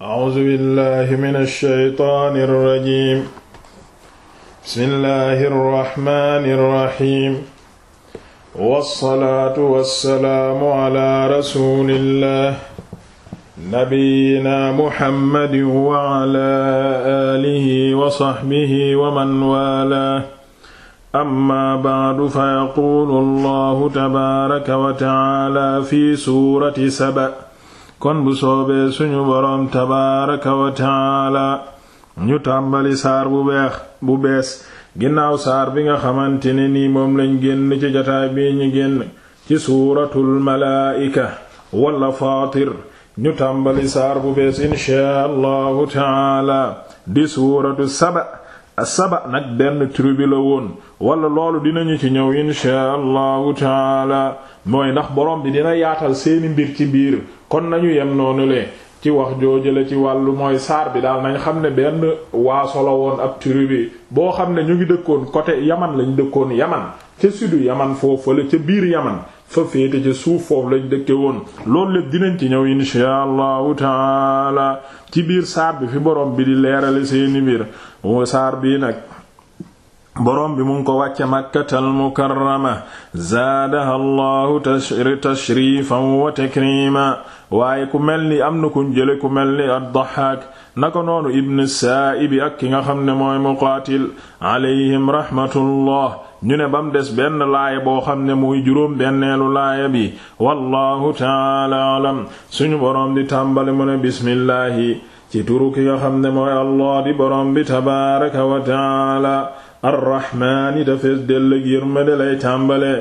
A'uuzu billaahi mina shaytaani rajiim. Bismillaahi rahmaani rahiim. Wassalaatu wassalaamu alaa rasuulillaah. Nabiyyinaa Muhammadin wa alaa aalihi wa sahbihi wa man waalaah. Amma ba'du fayaquulu Allaahu tabaaraka wa ta'aalaa fi suurati Saba. kon bu soobee suñu boroom tabaaraka wa ñu tambali saar bu bu bees ginnaaw saar bi nga xamante ne nii moom lañ génn ci jataay bi ñu génn ci suuratul malaa'ika wala faatir ñu tàmbali saar bu bees inchaa allahu taala di suuratu saba saba nag benn tribu la woon wala loolu dina ñu ci ñëw inchaa allahu taala mooy ndax borom bi dina yaatal seeni mbir ci biir kon nañu yem noonu le ci wax joojale ci wàllu mooy saar bi daal nañ xam ne benn waaso la woon ab tribu bi boo xam ne ñu ngi dëkkoon côté yaman lañ dëkkoon yaman ca sudu yaman foofu la ca biir yaman fa féete ca suuf foofu lañ dëkke woon loolu lépp dinañ ci ñëw inshaa allahu taala ci biir saar bi fi borom bi di leerale seeni mbir saar bii nag boroom bi mu ko wàcce màkkatal mukarrama zaadaha allahu tashrifan wa takrima waaye ku mel ni am na kuñ jële ku mel ni ad-Dahhaak naka noonu ibn Saa'ib ak ki nga xam ne mooy Muqaatil alayhim rahmatullah ñu ne bam des benn laaya boo xam ne muy juróom benneelu laaya bi wallahu taala alam suñu borom di tàmbali mu ne bismillahi ci turu nga xam ne mooy allah di bi tabaaraka wa taala arrahmaani te fees dell ak yërmande tàmbale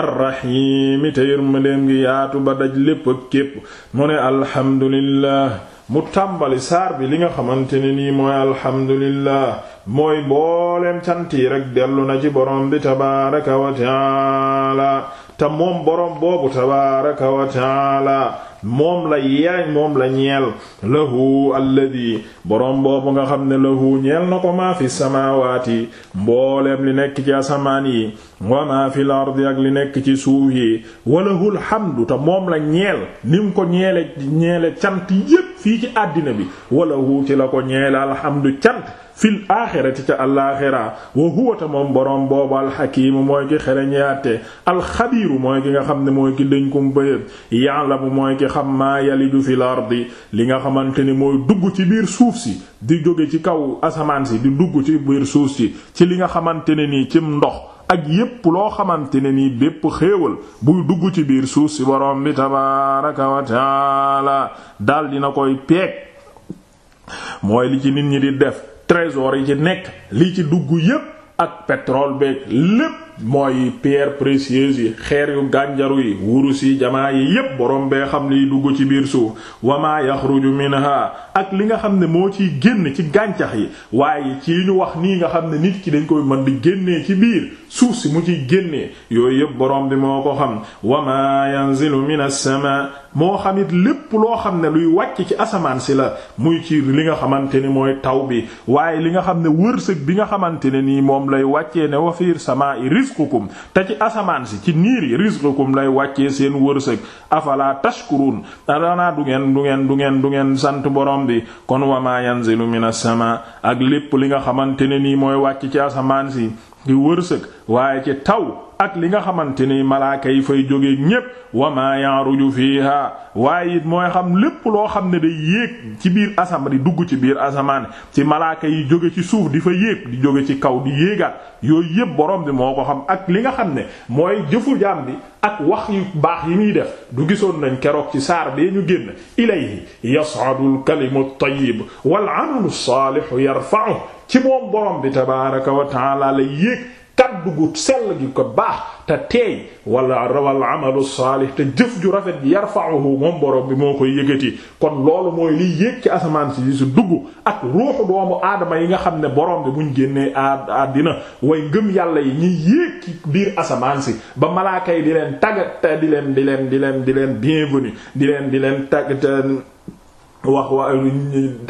arrahiimi te yërmandeem gi yaatu ba daj lépp ak képp mu alhamdulillah mu tàmbali saar bi li nga xamante ne nii mooy alhamdulillah mooy mbooleem cant yi rekk dellu na ci boroom bi tabaaraka wa taala te moom boroom boobu tabaaraka wa taala moom la yeeñ moom la ñeel lahu alladi boroom boobu nga xam ne lahu ñeel na ko maa fi samaawaati mbooleem li nekk ci asamaan yi wa maa fi l ak li nekk ci suuf yi wa lahul te moom la ñeel nim ko ñeele ñeele cant yépp fii ci àddina bi wa ci la ko ñeele alhamdu cant fil aaxirati ca alaaxira wa huwa ta moom boroom boobu alxakiimu mooy ki xereñaate alxabiiru mooy ki nga xam ne mooy ki dénkum bëyëb ya'lamu mooy ki xam maa yaliju fil ardi li nga xamante ni mooy dugg ci biir suuf si di jóge ci kaw asamaan si di dugg ci biir suuf si ci li nga xamante ne nii cim ndox ak yépp loo xamante ne nii bépp xéewal buy dugg ci biir suuf si boroom bi tabaaraka wa taala dal dina koy peeg mooy li ci nit ñi di def trésor yi ci nekk li ci dugg yépp ak petrol beeg lépp mooy pierre précieuse yi xeer yu gànjaru yi wurus yi jamaa yi yépp borom bee xam liy dugg ci biir suuf wama yaxruju minha ak li nga xam ne moo ciy génn ci gàncax yi waaye ci ñu wax nii nga xam ne nit ki dañ koy mën di génnee ci biir suuf si mu ciy génnee yooyu yépp borom bi moo ko xam wama yanzilu minas sama moo xamit lépp loo xam ne luy wàcc ci asamaan si la muy ci li nga xamante ni mooy taw bi waaye li nga xam ne wërsëg bi nga xamante ne nii moom lay wàccee ne wafiir sama rizqukum te ci asamaan si ci niir yi rizqukum lay wàccee seen wërsëg afala tashkurun danaa du ngeen du ngeen du ngeen du ngeen sant borom bi kon wa ma yanzilu sama ak lépp li nga xamante ne nii mooy wàcc ci asamaan si di wërsëg waaye ci taw ak li nga xamante ni malaaka yi fay jóge ñépp wa ma ya'ruju fiha waaye it mooy xam lépp loo xam ne day yéeg ci biir asamaan di dugg ci biir asamaan ci malaaka yi jóge ci suuf di fa yéeg di jóge ci kaw di yéegaat yooyu yépp borom bi moo ko xam ak li nga xam ne mooy jëfu jaam bi ak wax yu baax yi muy def du gisoon nañ keroog ci saar bee ñu génn ilayhi yas'adul kalimu tayyib wal amalu saalihu yarfa'u ci moom borom bi tabaaraka wa ta'aala la yéeg kaddu gu sell gi ko baax te teey wala wal amalu saalih te jëf ju rafet ji yarfa'uhu moom borom bi moo koy yëgati kon loolu mooy liy yéeg ci asamaan si si dugg ak ruuxu doomu aadama yi nga xam ne borom bi buñ génnee àddina way ngëm yàlla yi ñuy yéeg ci biir asamaan si ba malaaka yi di leen taggat di leen di leen di leen di leen bienvenue di leen di leen taggat wax wa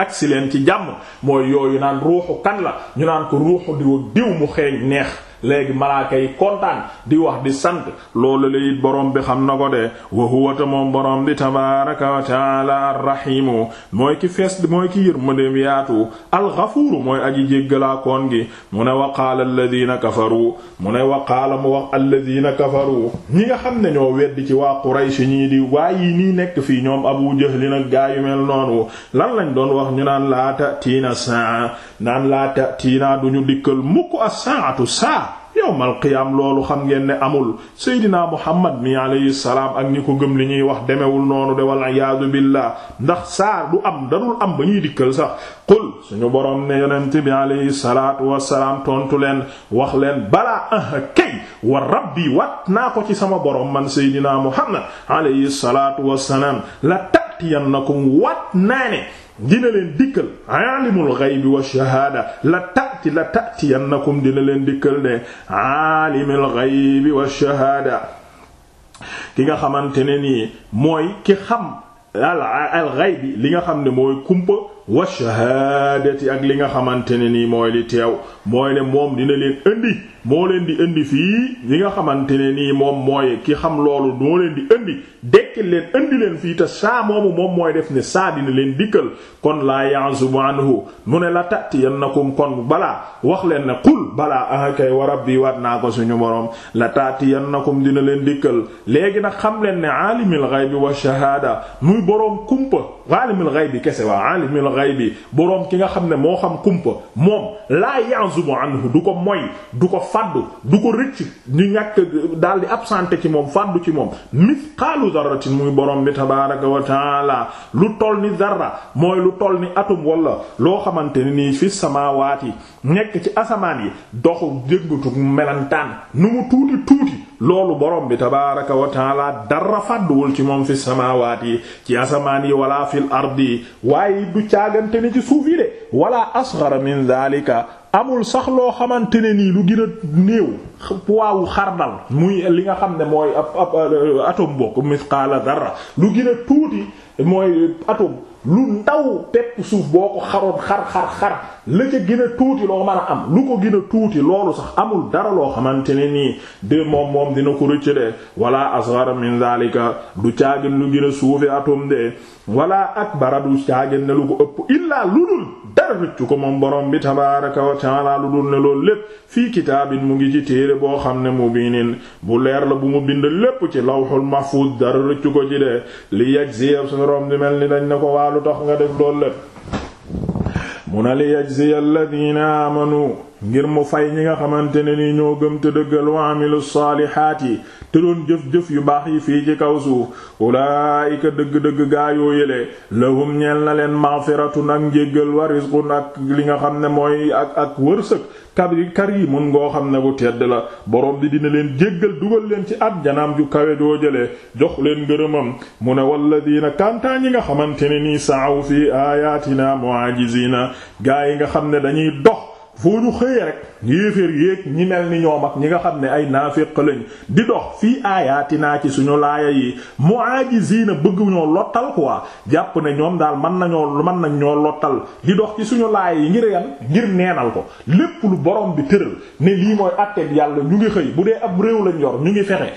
agsi leen ci jàmm mooy yooyu naan ruuxu kan la ñu naan ko ruuxu diw mu xeeñ neex léegi malaaka yi kontaan di wax di sant loolu la it borom bi xam na ko de wa huwa ta moom borom bi tabaaraka wa taala arrahimu mooy ki fees mooy ki yërmandeem yaatu alxafuuru mooy aji jéggalaakoon gi mu ne wa qaala alladina kafaru mu ne wa qaala mu wax alladina kafaru ñi nga xam ne ñoo weddi ci waa Quraysh ñii di waay yi nii nekk fii ñoom Abu Jahl nag gaa yu mel noonu lan lañ doon wax ñu naan laata tiina saa naan laata tiina duñu dikkal mukk as-saatu saa yowmal qiyaam loolu xam ngeen ne amul seydinaa muhammad mi alayhi salaam ak ñi ko gëm li ñuy wax demewul noonu de wal iyaadu billah ndax saar du am dadul am ba ñuy dikkal sax qul suñu boroom ne yonent bi alayhi salaatu wassalaam tontu leen wax leen balaa ah kay wa rabbi wat naa ko ci sama borom man seydinaa muhammad alayhi salaatu wassalaam la tatiyannakum wat naa ne dina leen dikkal aalimul ghaybi wa shahaada la tati la tatiyannakum dina leen dikkal de aalimul ghaybi wa shahaada ki nga xamante ne nii mooy ki xam al al li nga xam ne mooy kumpa wa shahaadati ak li nga xamante ne nii mooy li teew mooy ne moom dina leen indi moo leen di ëndi fii li nga xamante ne nii moom mooy ki xam loolu moo leen di indi dekkil leen indi leen fii te saa moomu moom mooy def ne saa dina leen dikkal kon laa ya'zubu anhu mu ne la tatiyannakum kon balaa wax leen ne qul balaa ahakay wa rabbi waat naa ko suñu borom la tatiyannakum dina leen dikkal léegi na xam leen ne aalimil ghaybi wa shahaada muy boroom ghaybi boroom ki nga xam ne moo xam kumpa moom laa yanzubu anhu du ko moy du ko fàddu du ko rëcc ñu ñàkk daal di absenté ci moom fàddu ci moom mithqaalu dharratin muy boroom bi tabaaraka wa taala lu toll ni dharra mooy lu toll ni atum wala loo xamante ne nii fi samaawaati nekk ci asamaan yi doxu jëngatu melantaan nu mu tuuti tuuti loolu borom bi tabaaraka wa taala dara fàdduwul ci moom fi samaawaat yi ci asamaan yi wala fil ardi waaye du caagante ni ci suuf de wala asghara min zaalika amul sax loo xamante ne nii lu gën a poids wu xardal muy li nga xam ne mooy ab euh, atome bokk misqaala dara lu gën a tuuti mooy atome lu ndaw pepp suuf boo ko xaroon xar xar xar la ca gën tuuti ko gën a tuuti loolu sax amul dara loo xamante ne nii de moom moom dina ko rëcc de wala asghara min zalika du caagin lu gën a suufi atome de wala akbara du caagin ne lu ko ëpp illaa lu dul dara rëccu ko moom borom bi tabaaraka wa lu dul ne loolu lépp fii kitaabin mu ngi ci téere téere boo xam ne mubinin bu leer la bu mu bind lépp ci lawhul mahfuz dara rëccu ko ci de li yajziya su rom bi mel ni dañ ne ko waalu tax nga def loolu lépp mu na li yajziya alladhina amanu ngir mu fay ñi nga xamante ne ni ñoo gëm te dëggal wa amilu saalihaat yi te doon jëf-jëf yu baax yi fii ci kaw suuf ulaayika dëgg-dëgg gaa yoo yële lahum ñeel na leen maghfiratun nag njéggal wa rizqun ak li nga xam ne mooy ak ak wërsëg yi karimun ngoo xam ne bu tedd la borom bi dina leen jéggal dugal leen ci ab janam ju kawe doo jëlee jox leen ngërëmam mu ne walladina kantaa ñi nga xamante ne nii saaw fii ayatina muajizina gaa yi nga xam ne dañuy dox foo ñu xëyee rek yéeféer yéeg ñi mel ni ñoom ak ñi nga xam ne ay naafiq lañ di dox fii aayatinaa ci suñu laaya yi mu'ajiziina bëgg ñoo lottal quoi jàpp ne ñoom daal mën nañoo mën nañ ñoo lottal di dox ci suñu laaya yi ngir yan ngir neenal ko lépp lu borom bi tëral ne lii mooy àtteeb yàlla ñu ngi xëy bu dee ab réew lañ yor ñu ngi fexe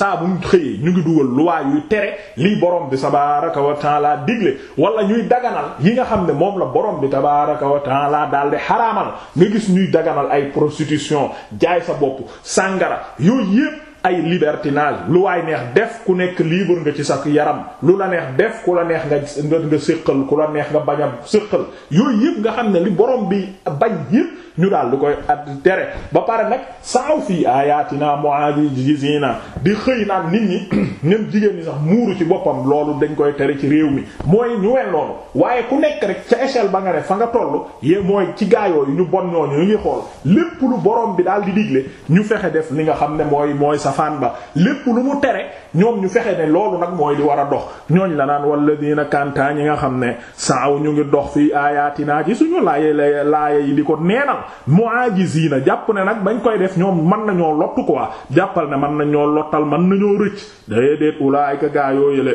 saa bu xëyee ñu ngi dugal luwaa yuy tere lii borom bi tabaaraka wa taala digle wala ñuy daganal yi nga xam ne moom la borom bi tabaaraka wa taala daal nga gis ñuy daganal ay prostitution jaay sa bopp sàngara yooyu yépp ay libertinage lu waay neex def ku nekk libre nga ci sa yaram lu la neex def ku la neex nga nga séqal ku la neex nga bañ a séqal yooyu yëpp nga xam ne li borom bi bañ yëpp ñu daal di koy add tere ba pare nag saaw fii ayatina mu'adizina di xëy naan nit ñi ñem jigéen ñi sax muuru ci boppam loolu dañ koy tere ci réew mi mooy ñu wel noonu waaye ku nekk rek ca échelle ba nga ne fa nga toll yé mooy ci gaayooyu ñu bon ñooñu ñu ngi xool lépp lu borom bi daal di digle ñu fexe def li nga xam ne mooy mooy safaan ba lépp lu mu tere ñoom ñu fexe ne loolu nag mooy li war a dox ñooñ la naan walladina kantaa yi nga xam ne saaw ñu ngi dox fii ayatina ci suñu laaye laaye yi di ko neenal mu'ajiziina jàpp ne nag bañ koy def ñoom mën nañoo lottu quoi jàppal na mën nañoo lottal mën nañoo rëcc déedéet ulaayika gaa yoo yële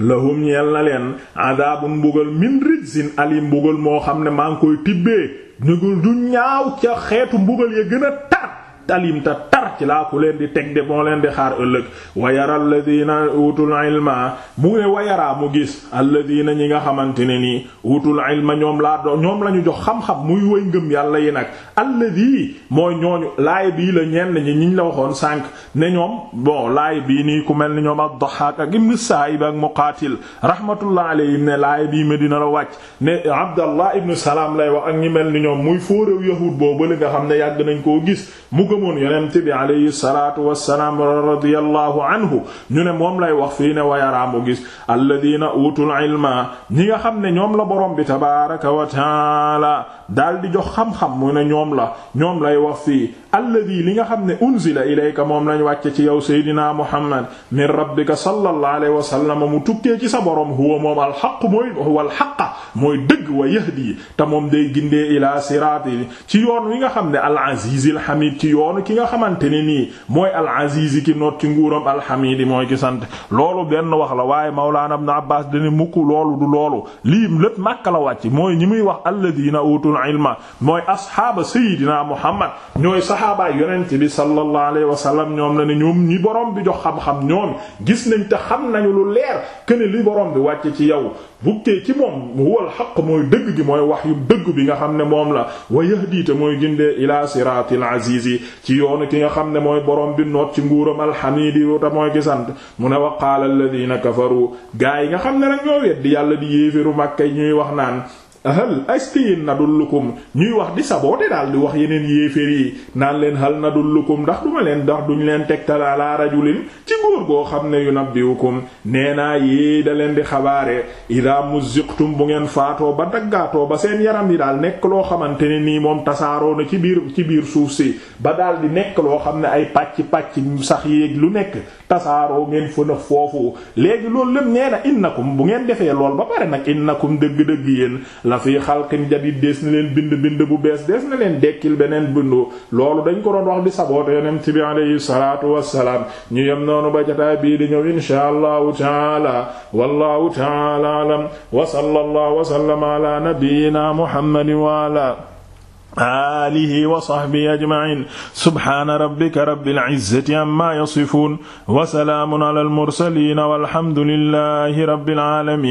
lahum ñeel na leen adabun mbugal min rijzin ali mbugal moo xam ne maa ngi koy tibbee ñu du ñaaw ca xeetu mbugal ya gën a tar alim te tar ci laa ku leen di teg de moo leen di xaar ëllëg wa yara alladina utul ilma mu ngi wa yaraa mu gis alladina ñi nga xamante ne nii utul ilma ñoom laa do ñoom la ñu jox xam muy woy ngëm yàlla yi nag alladi mooy ñooñu laay bii la ñenn ñi ñu la waxoon sànq ne ñoom boo laay bii nii ku mel ni ñoom ad-Dahhak ak ibn Sa'ib ak Muqatil rahmatullah alayhim ne laay bii Medina la wàcc ne Abdallah ibn Salam lay wax ak ñi mel ni ñoom muy fóoréew yahud boobu li nga xam ne yàgg nañ koo gis mu gëmoon yonent bi alayhi salaatu wassalaam radiyallahu anhu ñu ne moom lay wax fii ne wayaraamu gis alladina utul ilma ñi nga xam ne ñoom la borom bi tabaaraka wa taala daal di jox xam-xam mu ne ñoom la ñoom lay wax fii alladi li nga xam ne unzila ilayka moom lañ wàcce ci yow seydina muhammad min rabbika sallallahu alayhi wa sallam mu tukkee ci sa borom huwa moom alxaq mooy huwa alxaqa mooy dëgg wa yahdi te moom day gindee ila siraati ci yoon wi nga xam ne al aziz al hamid ci yoon noonu ki nga xamante ni nii mooy al-aziz ki noot ci nguuram al-hamid mooy ki sant loolu benn wax la waaye mawlaana ibn abbas dani mukk loolu du loolu lii lépp Makka la wàcc mooy ñi muy wax alladina utul ilma mooy as ashaaba sayidina muhammad ñooy sahaaba yonent bi sallallahu alayhi wa sallam ñoom la ne ñoom ñi borom bi jox xam-xam ñoom gis nañ te xam nañu lu leer ken li borom bi wàcc ci yow bukkee ci moom huwal xaq mooy dëgg bi mooy wax yu dëgg bi nga xam ne moom la wa yahdiite mooy gindee ila siraatil azizi ci yoonu ki nga xam ne mooy borom bi noot ci nguuram alxamiidi te mooy ki sant mu ne wax wa qaala alladina kafaru gaa yi nga xam ne yàlla di yéefiru màkka ñuy wax naan hal astiyin nadullukum ñuy wax di saboo daal di wax yeneen yéeféer yi naan leen hal nadullukum ndax duma leen ndax duñ leen tegtal ala rajulin ci góor goo xam ne yunabbiukum nee naa yee da leen di xabaare ida muzziqtum bu ngeen faatoo ba daggaatoo ba seen yaram yi daal nekk loo xamante ne nii moom tasaaroo na ci biir ci biir suuf si ba daal di nekk loo xam ne ay pàcc pàcc sax yéeg lu nekk tasaaroo ngeen fënax foofu léegi loolu lépp nee na bu ngeen defee na fi xalqin jadid dees na leen bind bind bu bees dees na leen dekkil beneen bindu loolu dañ ko doon wax di saboote yonent bi alayhi salaatu wassalaam ñu yem noonu ba jotaay bii di ñëw inshaa allahu taala wallahu taala alam wa sallallahu wa sallama ala nabiyyina muhammadin wa ala alihi wa sahbihi ajma'in subhana rabbika rabbil izzati amma yasifun wa salaamun ala al mursalin walhamdulillahi rabbil alamin